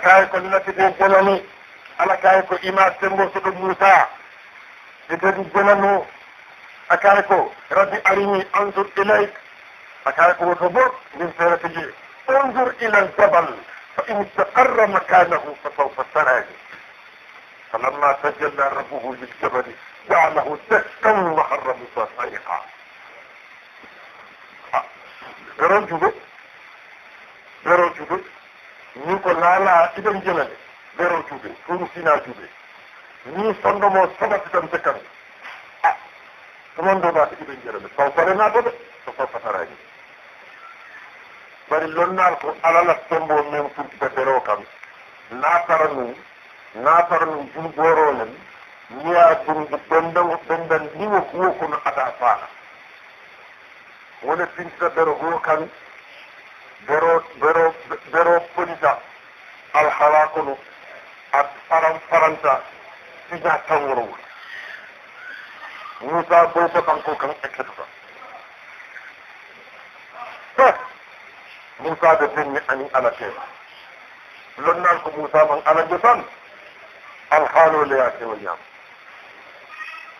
kaye ko natide jelani ala kaye ko ima sembo soto moussa e dadi jelano a kaye ko rabbi arini anzur ilayk a kaye ko woto bo ndin feere tigi انظر الى الجبل فان استقر مكانه فسوف تراني فلما تجلى ربه للجبل جعله دكا وخر موسى صيحا رجل رجل ni ko laala iɗen jelale bero juuɓe fum sina juuɓe ni sondomo sabati tan te kamɓe a tomon domaɗe iɗen jelale faw farenaɗo de so faw fatarani bari lonnar ko alala tombo men furtita bero kam natara num natara num julgorolen niya dundu bendan bendan niwo kuwo kono ada faala wona fintita bero goo kan kono ak faranta sija tawrowol musa bolko kanko kan ekketota to musa de benni ani ala tema lonnan ko musa man ala jo tan alhaalo leya kewo yam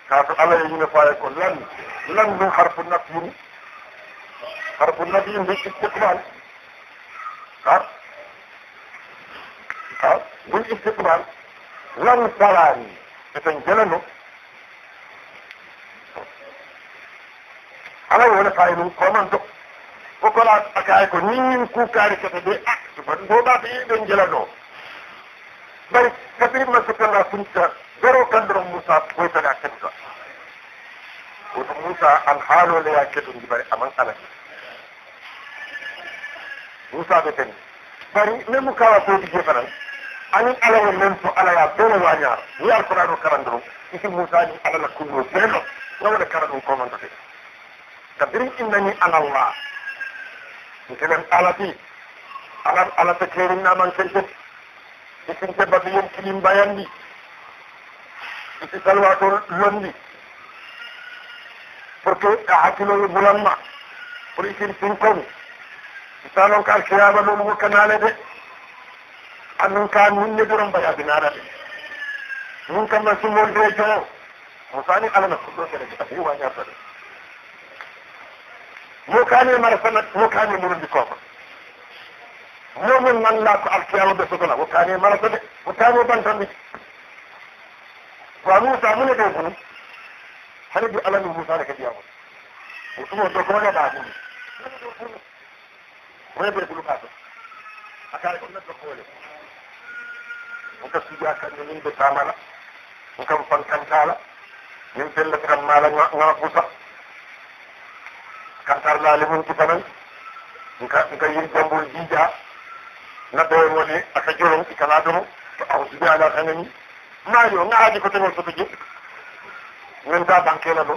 kato ala e yine faye ko lan lan ɗum harfu nafyini harfu nafyi mbi istiqbal ha istiqbal law salani eten jelano ala wona fayno koman to ko kola akay ko nin ku kare kete de ak suban do ba be ben jelano bari kafir ma ko tan kunta doro kandro musa ko tan akata ko musa al halu la yaketu bari aman ala musa be tan bari memu kawa ko dige fanan ani ala wo men fo ala ya bene wañaar ni alquranu karandiru isi musaji ala la kunno seeno nawone karanum komandote kabiri innani ala allah mtenen alati ala alata keerin naman kentet isin jebbaɓe yen kilim mbayandi isi salwato londi pour que a hakkiloyo bulanma pour isin sin kon isanon ka alkiyama ɗon wokkanale de anun ka mun ne duran baya binara mun kan man sun wanda ya jo musani alana kullo kare da yi wa ya fara mo kane mara sanat mo kane mun di ko mo mun man la ko alkiyawo be sokola mo kane mara ko de mo kane ban tan ko amu ta mun ne ko har bi alani musa da kadiya ko ko kuma to ko na ba ko ne be kulu ka to akare ko na to ko le nka sujaa kandi min be taamala nkam fankantaala min fellatiran maala ŋana fusa kantar laali mun ki fanan nka nka yir jambol jiijaa na doyon woni aka jorom i kana domo to aw sujaa ala kanani maayo ŋaaji ko teŋol soto je min ta bankela ɗo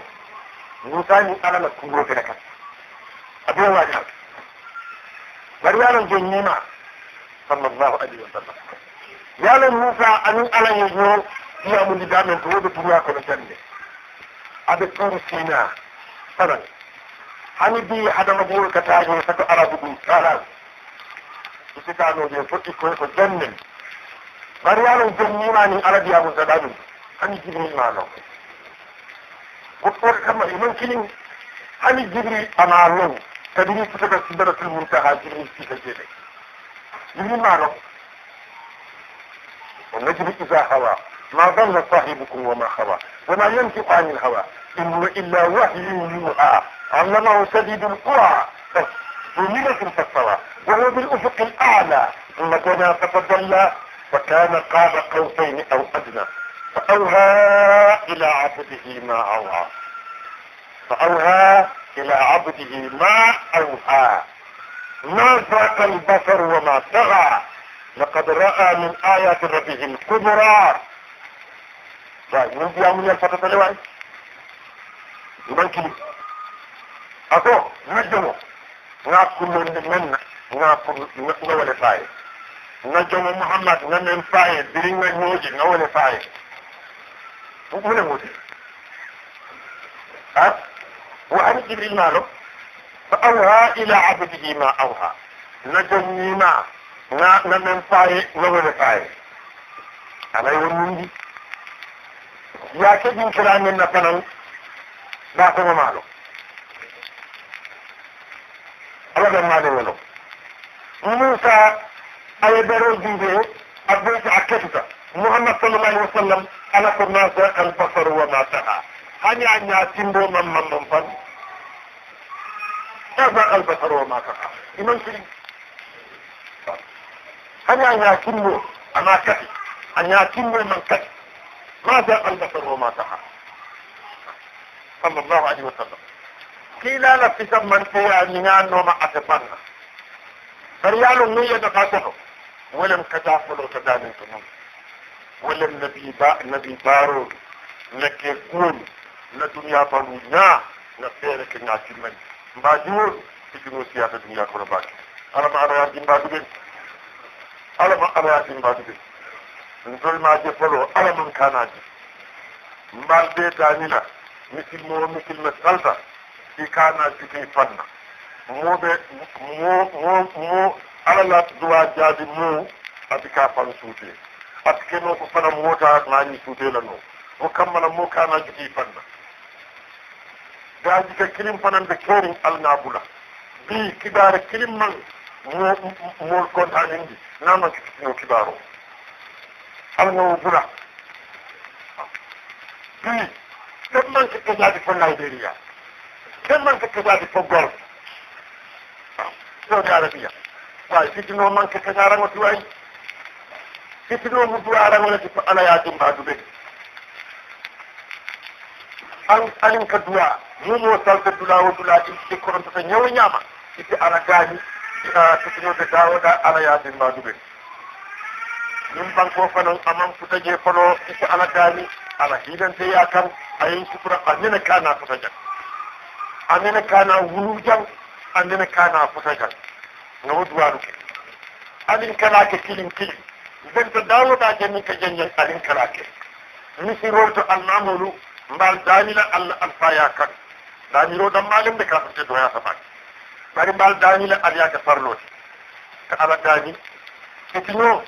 musani ala la kuuro fene kan abiyo waaji hak bari yaalon joni nima sallallahu alayhi wa sallam yala musa anin alan ya zo iya mun di damen to wobe duniya ko jande abe turu sina sanan hani bi hadama bo ka ta go saka arabu dun kala isika no je foti ko ko janne bari yala janni ma ni arabiya mun da dadu hani jibril ma no ko ko kama imam kilin hani jibril ama no kadiri fitaka sidaratul muntaha jibril fitaka jede jibril ma no والنجم إذا هوى ما ضل صاحبكم وما خوى وما ينطق عن الهوى إن هو إلا وحي يوحى علمه شديد القوى فمنة فاستوى وهو بالأفق الأعلى ثم دنا فتدلى فكان قاب قوسين أو أدنى فأوهى إلى عبده ما أوعى فأوهى إلى عبده ما أوهى ما ذاق البصر وما طغى لقد رأى من آيات ربه الكبرى طيب من دي عمل الفتاة لوعي يبان كلي أكو نجمو نعقل من من نعقل نقول فايد نجمو محمد نمن فايد برين من موجي نقول فايد ومن موجي ها وعن جبريل ماله فأوها إلى عبده ما أوها نجمي ما na na men faye na wele faye alay won mundi ya ke din kira men na fanan ba ko malo ala da male welo musa ay bero dinde abdu akatuta muhammad sallallahu alaihi wasallam ala qurnasa al basar wa ma taha hanya nya timbo mam mam fan kaza al basar wa ma taha iman kiri أنا ياكله أما كتب أن ياكله من كتب ماذا البشر وما تحى صلى الله عليه وسلم قيل لا في زمن فيا نيان نعم وما أتبرنا فريال النية دقاته ولم كتافل وتداني تنم ولم نبي با نبي بارو لك يقول لدنيا بنيا نفيرك الناس من باجور تجنو سياسة دنيا كرباك أنا ما أنا يا دين باجورين ala mun alayatin ba su nsol ma je folo ala mun kanaji mbal be danila misil mo misil me salta i kanaji ki fanna mo be mo mo mo ala la duwa jadi mo atika fan suute atike no ko fana mota nani suute la no o kammala mo kanaji ki fanna gaji ka kilim fanan be kerin alnabula bi kidare kilim man mol kon alindi nama kitino kibaro alno bura bi dem man ke kajadi fo Nigeria dem man ke kajadi fo gol so garabiya wa kitino man ke kajara ngoti way kitino mu duara ngoti fo ala ya dum badu be an alin ka duwa mu mo salta dula wo dula ti ko ron ta nyawo nyama ti ara gani sitinode dawoɗa ala yaadin maɗuɓe min banko fanan aman futaje fano iko ala dani ala hidante ya kan ayin sutura amina kana futa jan amina kana wulu jan kana futa jan na alin kana ke kilin kilin zanta dawoɗa alin kana ke mbal allah alfaya kan daniro dan malum da ka doya sabaki bari bal dani la ar yaka farlo ka ala dani kitino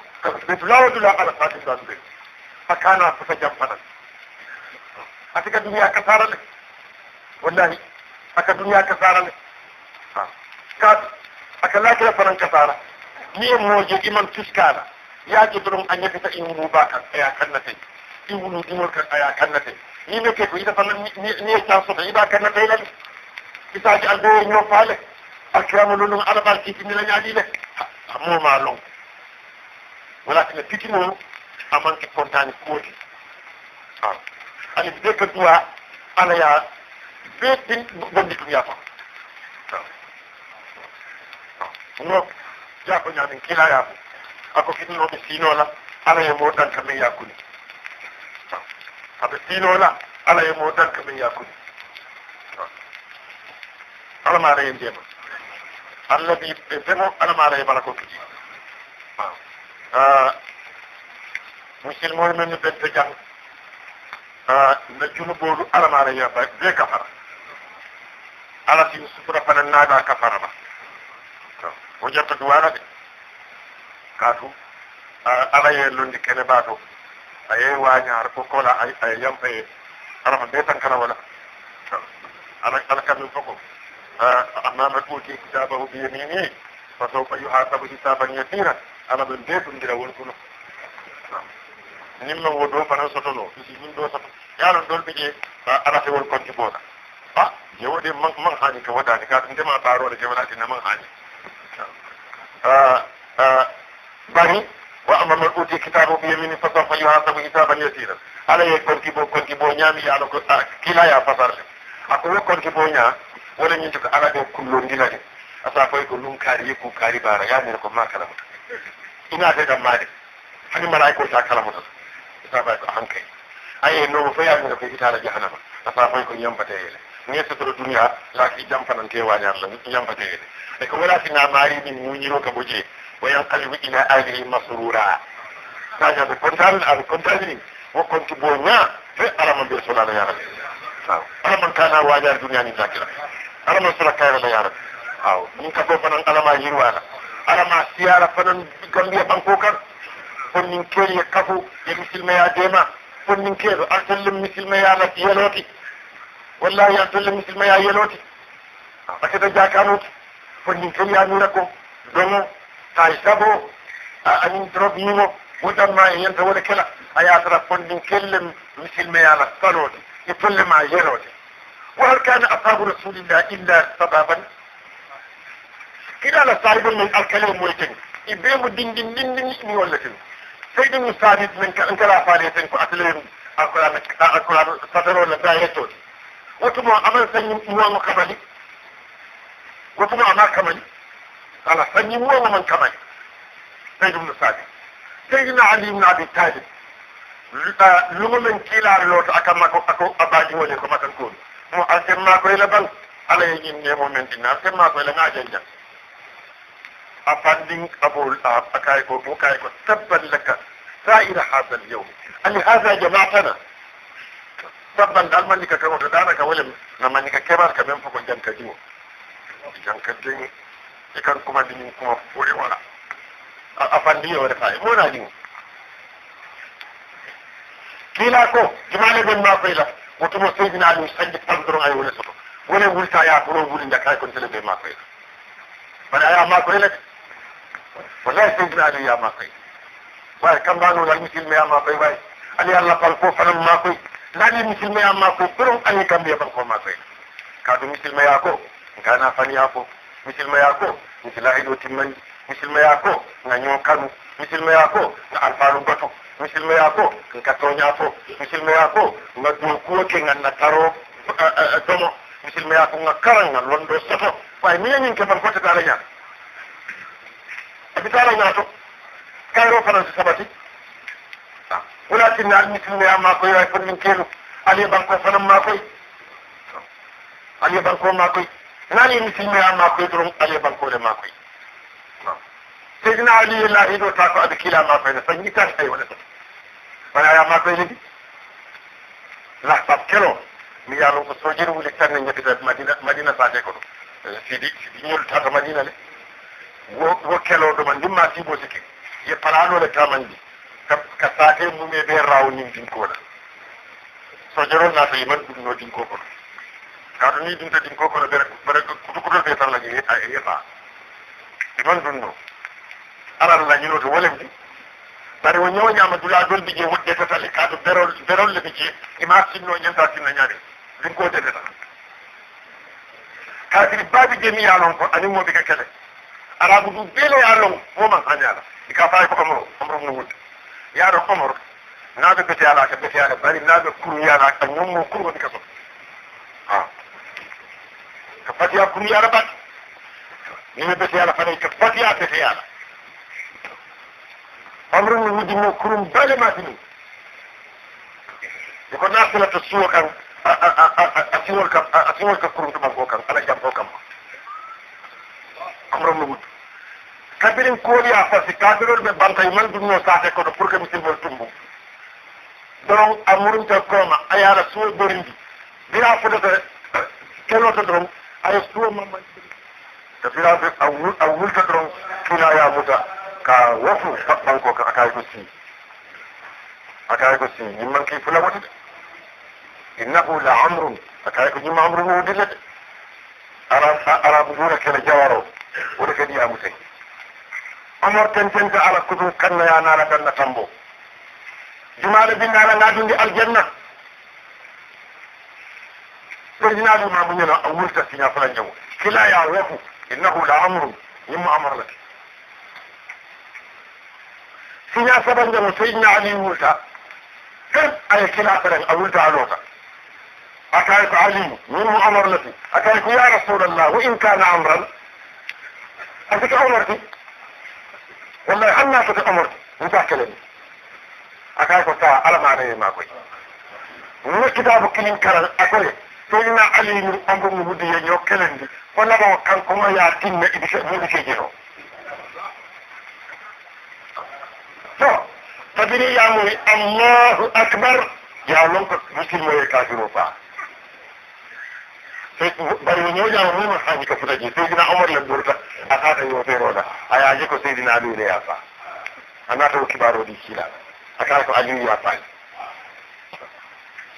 bitulawo dula ala fati tasbe fakana fa jampana atika duniya kasara le wallahi aka duniya kasara le ka aka lakira fanan kasara ni mo je iman fiskala ya ji durum an yafi ta in ruba kan aya kan na tai in wulu dinol kan aya kan na tai ni ne ke ko ida fanan ni ne ta so da ida kan na tai la isa ji albo nyo fale akramanu ɗum alaɓal fitindila ñaaɗiɗe moma long wala sina fitino a manque contani kooti ani be ko duwa ala ya be ɗin bonndi ɗum yafa no jako ñamin kila yaafo ako fitinoɓe siinola ala ye mo ɗanka min yakkude aɓe siinola ala ye mo ɗanka min yakkude ala maara ye ndema الذي بسمه أنا ما عليه بركوك نعم. آه، مسلمون من بنتجان آه، نجوم بولو أنا ما عليه بي كفر أنا في سفرة فننادا كفر نعم. وجدت دوانا كاتو ala ye londi kene baato aye wañaar ko kola ay yampa ye arama be tankana wala ala ala kamin foko أمام الملك كتابه بيمينه فسوف يحاسب حسابا يسيرا أنا بالبيت ندير ولكن نيم نو ودو فانا سوتو سي نيم دو سوتو يالا دول بيجي انا في ولكن كيبونا اه يودي من من حالي كودا كا ندما بارو ده جماعه من حالي آه آه بني واما من اوتي كتابه بيمينه فسوف يحاسب حسابا يسيرا على يكون كيبو كون كيبو نيامي يالا آه، كلا يا فسر اكو نيامي wala ñin toko ala ɓe kullondina de asa fay ko lum kaari yekku kaari baara yamire ko ma kalamuta ina teɗam maade hani mbaɗa ko ta kalamuta asa fay ko hankay aye nomo fo yamire ko itala jahanama asa fay ko ñambate ele ni sotoro duniya laaki jampanante wañarla ñambate ele e ko wala sina maari min muñiro ka boje wa yanqalibu ila alihi masrura taja aɓe contane aɓe contane ni wokkonti bo ña fe alaman ɓe solano yarade alaman kana wañar duniya ni zakira ala ma sura kayra da yara aw mun ka ko fanan ala ma yirwana ala ma siyara fanan gambiya banko kan fon min keri kafu ya musulma ya dema fon min keri asalin musulma ya la yeloti wallahi asalin musulma ya yeloti akata jakanu fon min keri ya nura ko domo tay sabo anin drop nimo wutan ma yenta wala kala aya tara fon min kelle musulma ya la saloti itolle ma yeloti وهل كان أصحاب رسول الله إلا سبابا كلا صاحب من الكلام ويتن إبريم الدين دين دين دين إبني ولكن سيد مساعد من كلا فاريتن كأتلين أقرأ أقرأ سطر ولا دايتون وتمو أمن سنين موام كمالي وتمو أمار كمالي على سنين موام من كمالي سيد مساعد سيدنا علي بن أبي طالب آه، لغمن كلا لوت أكمل أكو أباجي ولكم أكمل كوني mo alsemma koye la bal ala ye ñin ndemo men ɗinna alsemma koye la ŋaƴen jang a fandin abol a kaye ko o kaye ko tabban laka sa'ira hasal yawm ali hasa jama'atana tabban dal manni ka karoto dana ka walem na manni ka kebar ka men foko janka jiwo janka ding e kan kuma dinin kuma fure wala a fandi yo da fa'i mona jiwo kila ko jumale bin ma faila wotumo seydina aliou sanji tan doron aye wole soto wone wulta ya kono wuli dak hay kon tele ɓe ma koye bana aya ma koye lede wallahi seydina aliou ya ma koye waye kambanol al musilme ya ma koye waye ali allah pal fo fanan ma koye laani musilme ya ma koye doron ani kambiye fan ko ma koye ka ɗum musilme ya ko gana faniya ko musilme ya ko misilahiɗo timmandi misilmaya ko nga ñon kanu misilmaya ko nga alfalu bato misilmaya ko nga toña fo misilmaya ko nga dol kuwo ke nga nataro domo misilmaya ko nga karan nga londo soto waye miña ñin ke fan fotetala ñaat abitala ñaato kayro fanan si sabati walakinna al misilmaya makoy way fon min keelu aliye banko fanan makoy aliye banko makoy nani misilmaya makoy doron aliye banko le makoy سيدنا علي الله يدو تاكو ادي كيلا ما فاينا سنجي تاش اي ولا فانا يا ما كويلي دي لا فاكلو مي يالو سوجير ولي كان ني مدينه مدينه ساجي كو سيدي سيدي نول تاكو مدينه لي وو كيلو دو من ديما تي بو سيكي يي بلانو لي كامن دي كاساتي مو مي بي راو ني دين كو لا سوجيرو نا في من دو دين كو كو كارني دين تا دين كو كو بركو كوتو كوتو بيتر لا جي اي اي فا ديون دون نو alano la ñinoto wolemdi bare wo ñooñama dula dolbi je woɗɗe tatale kaɗo berol berolle mi je ima sinno ñanta sinna ñaade linkote teta kafiri baabi je mi yalon ko animoɓe ka kele arabu du beelo yalon woman hañala ika fayi ko omro omro no wuɗde yaɗo omro naaɓe bete alaka bete ala bari naaɓe kuru yalaka ñommo kuru woni ka so a ka fatiya kuru yala bat nimi bete yala fanay ka fatiya bete yala amrin mi wujum no kurum bale matini ko nasala to suwa kan a siwol kam a siwol kam kurum to banko kan ala jam ko kam amrin mi wujum kabirin koriya fasi kabirol ɓe bantay man ɗum no sate kono pour que mi silmol tumbu doron a murumtel koma a yaara suwo dorindi bira fotata keloto doron aye suwo mamma te bira a wulta doron kina yamuta ka wofu kaɓɓan ko akay ko si akay ko si yimman ki fula wata de innahu la amrun akay ko jimma amrun wo dilla de arabu dura kela jawaro wona kadi amute omor tententa ala kutum kannaya nala ganna tambo jumaɗo bindala ngadundi aljanna ɓerdinaɗu ma muñana a wurta siña fula ñawu kila ya wofu innahu la amrun yimma amarlake khilafaban da musayin na ali musa kan a yi khilafaban a wuta a lota a kayi ku ali min mu amar lafi a kayi ku ya rasulallah wa in kana amran a suka umarti wallahi an na suka umarti in ta kalami a kayi ku ta alama ne ma kai mu kitabu kinin karan akwai sayyidina ali min amrun mudi ya yo kalandi ko na ba kan kuma ya tinna ibisa mu dike jiro kafiri ya mu Allahu akbar ya lon ko muslimo ya kafiro fa bari mo ja mo mo haji ka futaji sai gina Umar la burta aka ta yo fero da aya ji ko sai dina do ne ya fa ana ta kibaro di kila aka ko ajin ya fa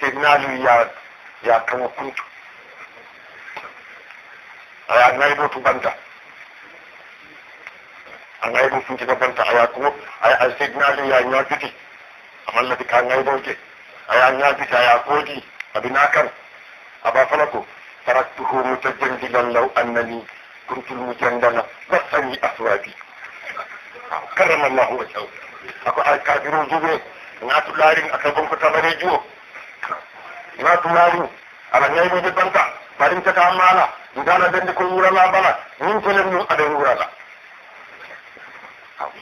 sai dina lu ya ya kan kuntu aya ngai do tu banta a ngaybo fuuti banta aya kuma ay alsignali ya ñaabiti amallati ka ngayboje aya ñaabiti aya koodi abina kan aba fana ko taraktuhu mutajandilan law annani kuntu lmujandala wassani aswabi karama llahu wajahu ako ay kafiru juɓe naatu laarin aka bonko tamare juwo naatu laarin ala ñayboje banta barin tata maala ndana dende ko wurala bala min telen mum aɗa wurala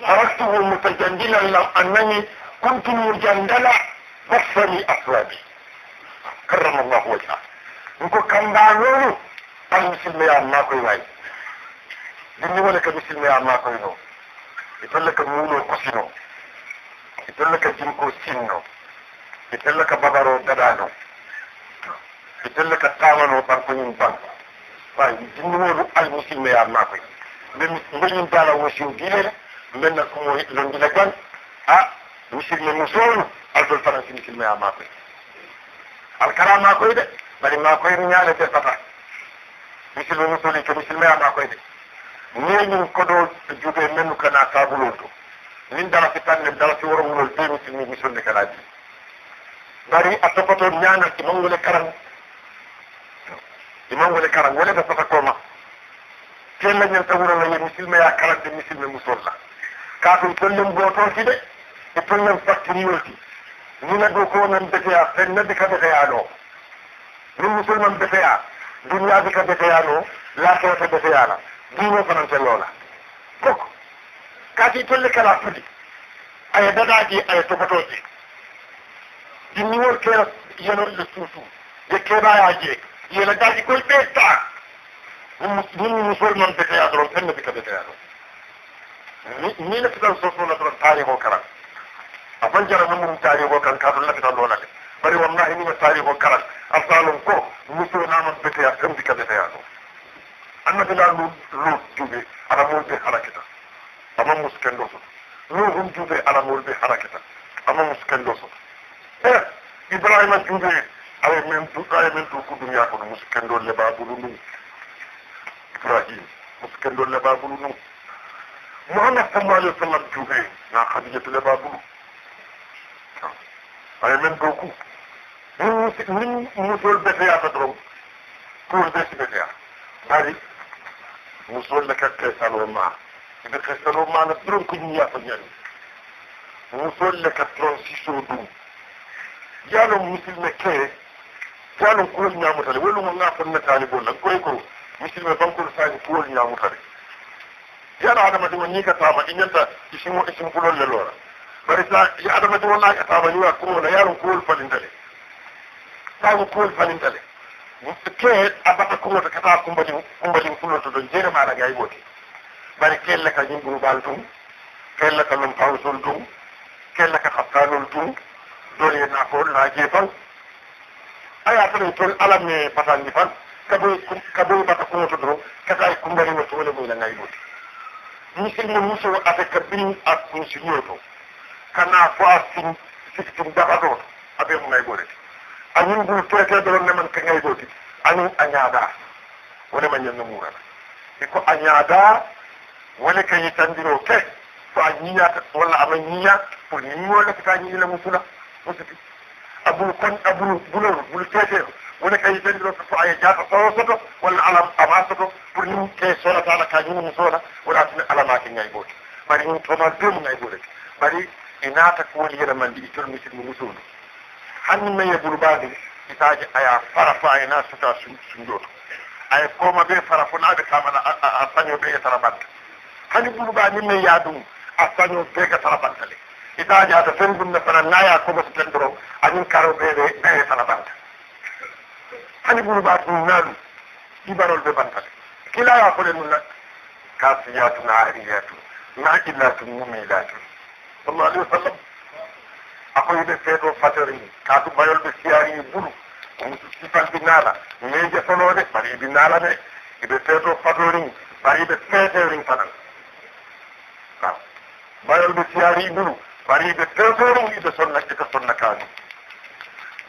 تركته متجندلا لو انني كنت مجندلا وصلي اصلابي كرم الله وجهه نكو كان دانونو المسلم يا ما كوي واي دني ولا كمسلم يا ما كوي نو يتقول لك مولو كسينو يتقول لك جنكو سينو يتقول لك بدرو ددانو يتقول لك تاوانو باركوين بانكو waaye dindi woonu almuslim ya maa koy même mbañum daala wasiw gileel mbenn ko londina kan a misirme musonu aldol faransi misilmeya makoye alkara makoye de bari makoye ñaalete fata misilme musoli ko misilmeya makoye de neñin koɗo juuɓe mennu kana sabulol to nin darasi tanne darasi worowulol be misilmi misolde kana di bari a topoto ñaanal iman wole karan iman wole karan wole ɓe fata koma ten lañen tawurala ye misilmeya karande misilme musolla kaatum tollen gootooti de e tollen fattiniyooti mina ɗo ko nan beteya fennade ka beteya ɗo min musulman beteya dunnaaji ka beteya ɗo laakewata beteyana diino fanan telloola fok kaati tolle kala fuɗi aya dadaaji aya topotooje dinniwol keera yenolle suusu je keeɓayaaje yela daaji koye ɓee taa min musulman beteya ɗoron fennade ka beteya ɗo ni la fitan soso la tan tariho karan a fanjara mun mun tariho kan ka la fitan dona de bari wallahi ni tariho karan afsalon ko muso na man bete ya kan dika bete ya no annabi la lu lu dube ala mun be harakita amma musken do so lu hun dube ala mun be harakita amma musken do so eh ibrahima dube ala men du ala men du ko dunya ko musken do le babulu nu ibrahim musken do le babulu nu محمد صلى الله عليه وسلم جوهي إيه؟ نا خديجة لبابلو آه. أي من بوكو من من مسؤول بخيا تدرو كور بس بخيا بري مسؤول لك كيسان وما إذا كيسان وما نبرم كنيا فنيان مسؤول لك ترانسيشن دو يالو مسؤول لك يالو كور نيا متالي ولو ما نعرف نتالي بولنا كوي كور مسؤول لك كور نيا متالي yara adamadiŋo ñiŋ ka taama i ñanta i siŋo i siŋfulolu le loo la bari sa i adamadiŋo naŋ ka taama ñiŋ a kuŋo la ye a loŋ kuwolu falinta le saaŋo kuwolu falinta le ke a bata kuŋo te ka taa kumbadiŋ kumbadiŋ fulolu to doŋ jeere maa la gaa i boo ti bari keel le ka ñiŋ gurubaalu tuŋ keel le ka lonkawusolu tuŋ keel le ka xaptaanolu tuŋ doolu ye naakoolu naa jee faŋ a ye a tara tol ala me patandi faŋ ka boy ka boy bata kuŋo to doroŋ ka taa i kumbadiŋo to wo le muy la ŋa i boo ti musinni muso ata kabini a kunsiniyo to kana fo a sin sikitin daga to abe mu ngaygo de anin bu tete do ne man kangay go ti anin anyada wala man nyen mura iko anyada wala kay tandiro ke to anyiya wala amanyiya pour ni wala ka ni la musula musiki abul kon abul bulul bul tete mu ne kay benndiro so so aya jaaɗo sowo soto walla ala ama soto pour nin ke solatala ka ñini soona wona tine alamake ñaygoto mari in toma doni ñaygoto mari i naata ko woni yelemandi i tolmi sidmo musuudu hanni meye bulbaade itaaji aya fara fo aya na sota sunjooto aya kooma ɓe fara fo naaɓe kamana a saño ɓe e tarabanta hani bulbaa ni men yaa ɗum a saño beega tarabanta le itaaji ata fen ɗum ne fana naaya komo so ten doro anin karo ɓe ɓe e tarabanta hani bulu ba tun nalu ibarol be banta kila ya kole nun la kafiyatu na ariyatu na illatu mumilatu sallallahu alaihi wasallam akoy be feto fatori ka tu bayol be siyari bulu sifal bi nala meje solo de bari bi nala de ibe feto fatori bari be fetori fanan bayol be siyari bulu bari be fetori ibe sonna ita sonna kani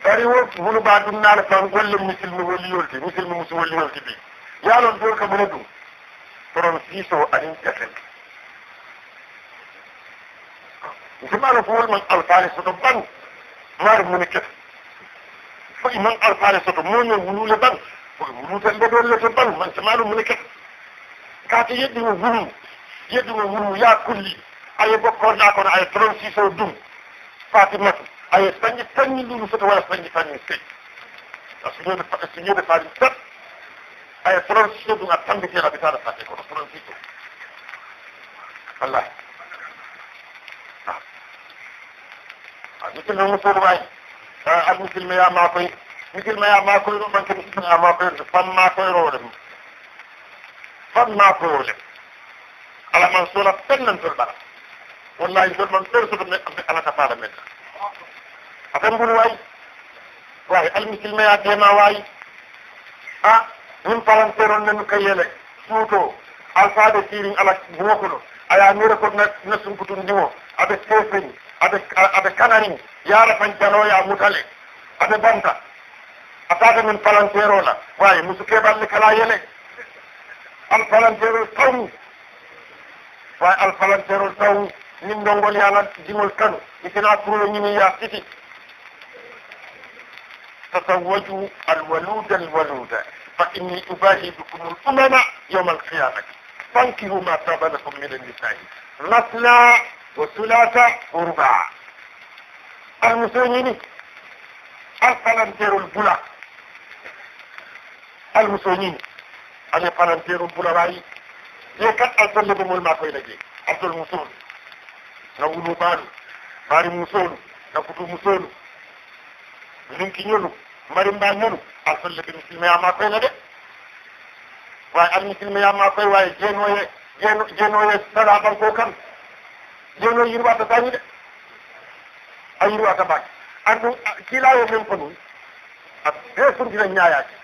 bari wo bunu ba dum na la fan golle musulmi woli yolti musulmi musu woli yolti bi yalon do ka bunu dum from siso adin tafel jumala fo wol man alfaale soto ban mar mun ke fo imam alfaale soto mo no wulu le ban fo wulu tan do le to ban man samalu mun ke ka ti yeddi mo wulu yeddi mo wulu ya kulli ay bokko na ko ay from siso dum fatimatu aye sañi sañi lulu fota wala sañi sañi sey a suñode suñode faari tat aye fulan suño ɗum a tambitena bitaɗa fate kono fulan fiɗo wallahi a misilmemu soɗumayi an misilmeya ma koye misilmeya ma koyro man kadi misilmeya ma koyro famma koyrowole famma koyrowole ala man sola pennantol ɓara wallahi jol man ɓersoɗo ala ka faala men akombun way waaye almisilme ya dema way a min palanteron nanu kayele suuto alfaade sirin ala buwokono aya mira ko na sunkutun ndimo aɓe sefeni aɓe aɓe kanarin yara fan janoya mutale aɓe banta a tata min palantero la waye musu keɓalle kala yele alpalantero tawni waye alpalantero tawni min ɗongol yala dimol kanu itina tuulo ñini ya siti تزوجوا الولود الولود فإني أباهي بكم الأمم يوم القيامة فانكهوا ما تاب لكم من النساء مثنى وثلاثة ورباع المسلمين الفلنتير البلا المسلمين الفلنتير البلا راي يكاد أصل لهم المعقول لك أصل المسلم نقولوا بارو بارو مسلم نقولوا مسلم نمكن يلو marimba ñun alfallake misilmayama koyno de wawi almisilmayama koye wawi jeenoye jeeno jeenoye salaban ko kam jeeno yirwata bañi de a yirwata bañi andu kiilawo men ko ɗum a be surdina ñayaki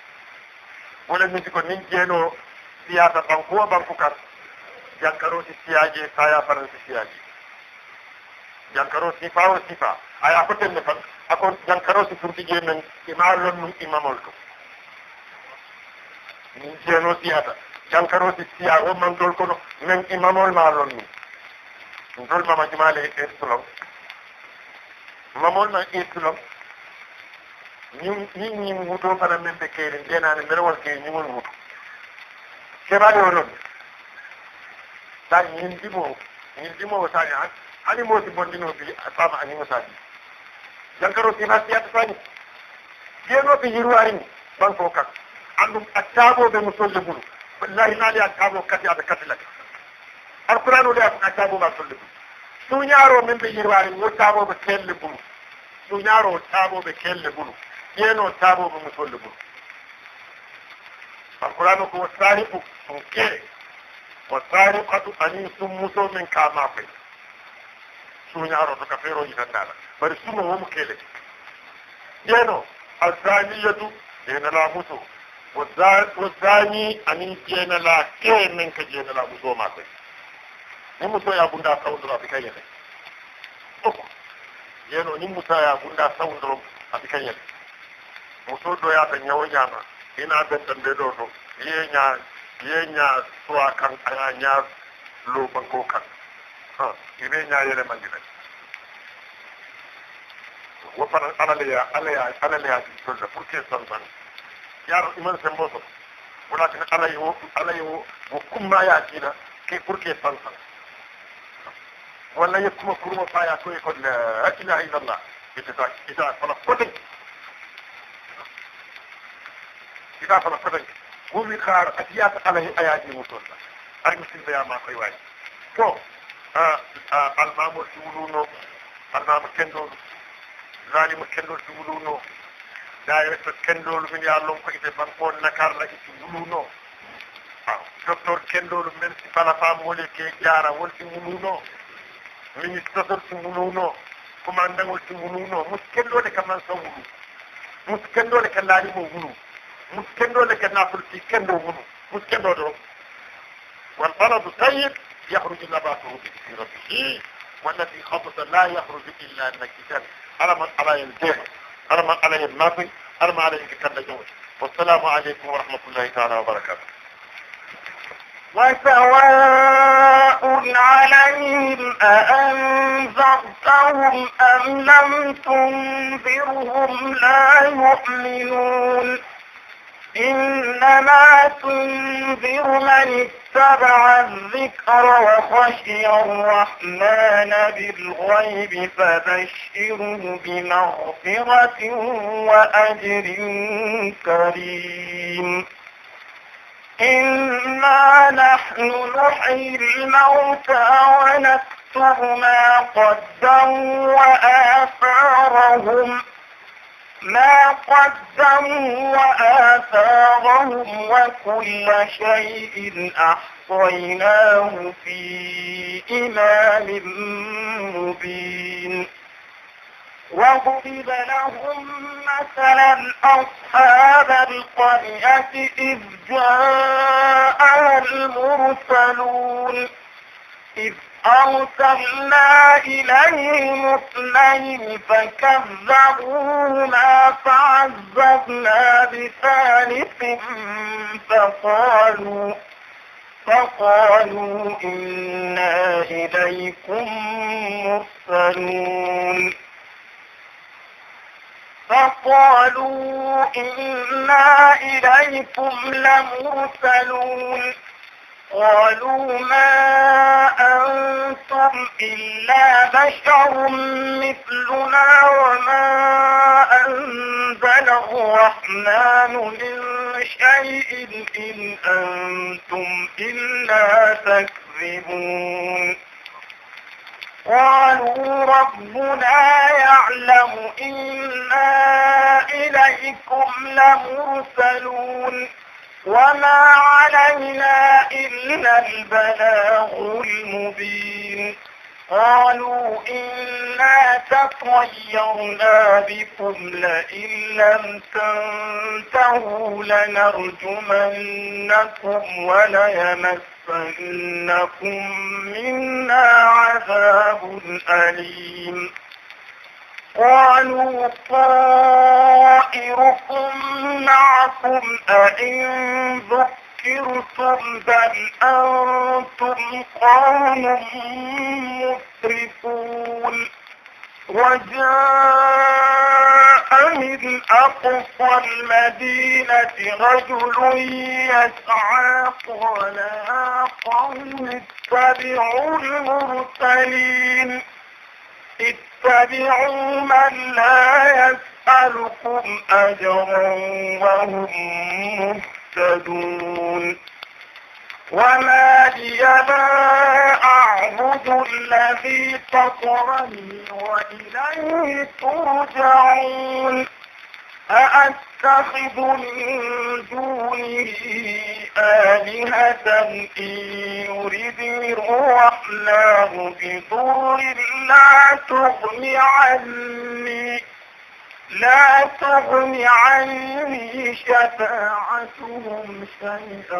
wona misi ko nin jeeno siyata banque o banque kan jankaroti siyaji saya faransi siyaji jankaro sifa o sifa aya ko tenne fa ako jankarosi furti je men ima lonnum imamol to min ceeno siyata jankarosi siya o man dol kono men imamol ma lonnum dol mama jumale estulom mamol ma estulom ñin ñin wuto fana men ɓe keeri ndenani mbeɗa won kee ñimol wuto keɓaɗe o noon sa ñin ndimo ñin ndimowo sani an animosi bondino bi a fama animo sani ذكروا في ما سيات فاني جيرو في جيرو أرين بانكو كاك عندهم أتابو بمسول بلو والله ما لي أتابو كتي هذا كتي لك القرآن لا أتابو ما سول بلو سونيارو من بجيرو أرين وتابو بكيل بلو سونيارو تابو بكيل بلو ينو تابو بمسول بلو القرآن هو السارق من كيري والسارقة أنيس مسو من كامافي sun yaro suka fero yi nan nana bari su mu mu kele yano azaniyatu yana la mutu wazani anin yana la ke men ka yana la mutu ma sai ni mutu ya bunda ka wanda ba kai yana yano ni mutu ya bunda sa wanda ba kai yana mutu do ya tan yawo yana ina da tambe do to yenya yenya suwa kan anya loban ko kan ibe nya yele mangina wo fa ala le ya ala ya ala le ya to da pour que san san yar iman sen boso wala kin ala yo ala yo wo kuma ya kina ke pour que san san wala ya kuma kurma fa ya ko ko la ilaha illallah ita ta ita fala kotin ita fala kotin ko mi khar atiyat ala ayati mutalla ar musulma ya ma koy way to almamo juuluno almama kendolu zalima kendol juuluno dayrecteur kendolu min ya lon ko ite banko nakarla ite wuluno docteur kendolu men si fala famole ke jara wolti wuluno ministre tor si wuluno commandangol si wuluno mus kendole kaman so wulu mus kendole ke laarimo wulu mus kendole ke nafolti kendo wulu mus kendode o wal baladu tayyib يخرج نباته بإذن ربه إيه؟ والذي خبث لا يخرج إلا نكدا على من على الجهل على من على النافي على على الكتاب والسلام عليكم ورحمة الله تعالى وبركاته وسواء عليهم أأنذرتهم أم لم تنذرهم لا يؤمنون إنما تنذر من اتبع الذكر وخشي الرحمن بالغيب فبشره بمغفرة وأجر كريم إنا نحن نحيي الموتى ونكتب ما قدموا وآثارهم ما قدموا وآثارهم وكل شيء أحصيناه في إمام مبين وضرب لهم مثلا أصحاب القرية إذ جاءها المرسلون إذ أرسلنا إليهم اثنين فكذبونا فعذبنا بثالث فقالوا فقالوا إنا إليكم مرسلون فقالوا إنا إليكم لمرسلون قالوا ما أنتم إلا بشر مثلنا وما أنزل الرحمن من شيء إن أنتم إلا تكذبون قالوا ربنا يعلم إنا إليكم لمرسلون وما علينا إلا البلاغ المبين قالوا إنا تطيرنا بكم لئن لم تنتهوا لنرجمنكم وليمسنكم منا عذاب أليم قالوا طائركم معكم أئن ذكرتم بل أنتم قوم مسرفون وجاء من أقصى المدينة رجل يسعى قال يا قوم اتبعوا المرسلين اتبعوا من لا يسألكم أجرا وهم مهتدون وما لي لا أعبد الذي فطرني وإليه ترجعون أأتخذ من دونه آلهة إن يردني هو الله بضر لا تغن عني لا تغن عني شفاعتهم شيئا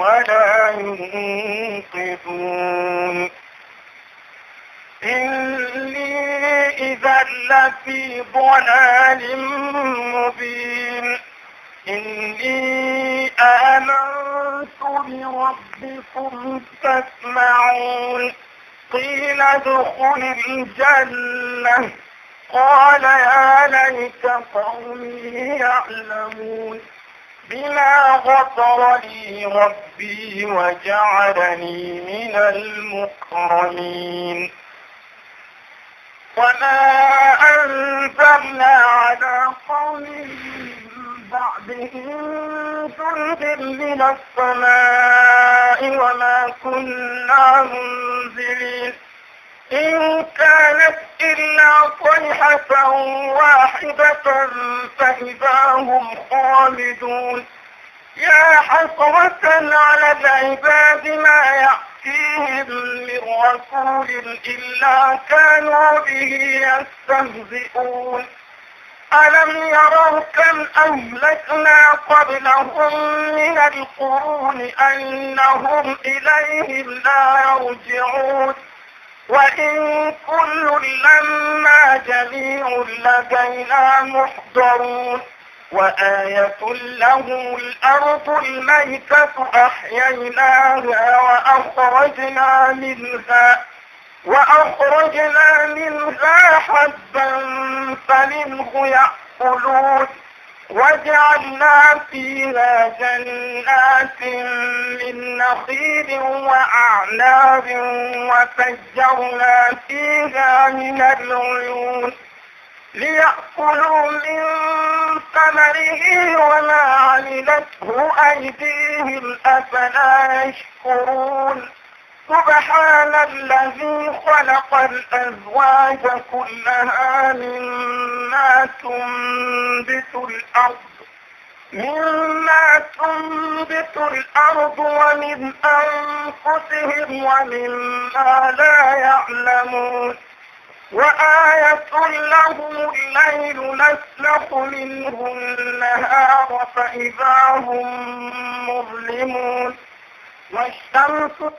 ولا ينقذون إني إذا لفي ضلال مبين إني آمنت بربكم فاسمعون قيل ادخل الجنة قال يا ليت قومي يعلمون بما غفر لي ربي وجعلني من المكرمين وما أنزلنا على قومه بعدهم فرد من السماء وما كنا منزلين إن كانت إلا صيحة واحدة فإذا هم خالدون يا حسرة على العباد ما يأتيهم من رسول إلا كانوا به يستهزئون ألم يروا كم أهلكنا قبلهم من القرون أنهم إليهم لا يرجعون وإن كل لما جميع لدينا محضرون وآية لهم الأرض الميتة أحييناها وأخرجنا منها وأخرجنا منها حبا فمنه يأكلون وجعلنا فيها جنات من نخيل وأعناب وفجرنا فيها من العيون ليأكلوا من ثمره وما عملته أيديهم أفلا يشكرون سبحان الذي خلق الأزواج كلها مما تنبت الأرض مما تنبت الأرض ومن أنفسهم ومما لا يعلمون وآية لهم الليل نسلخ منه النهار فإذا هم مظلمون والشمس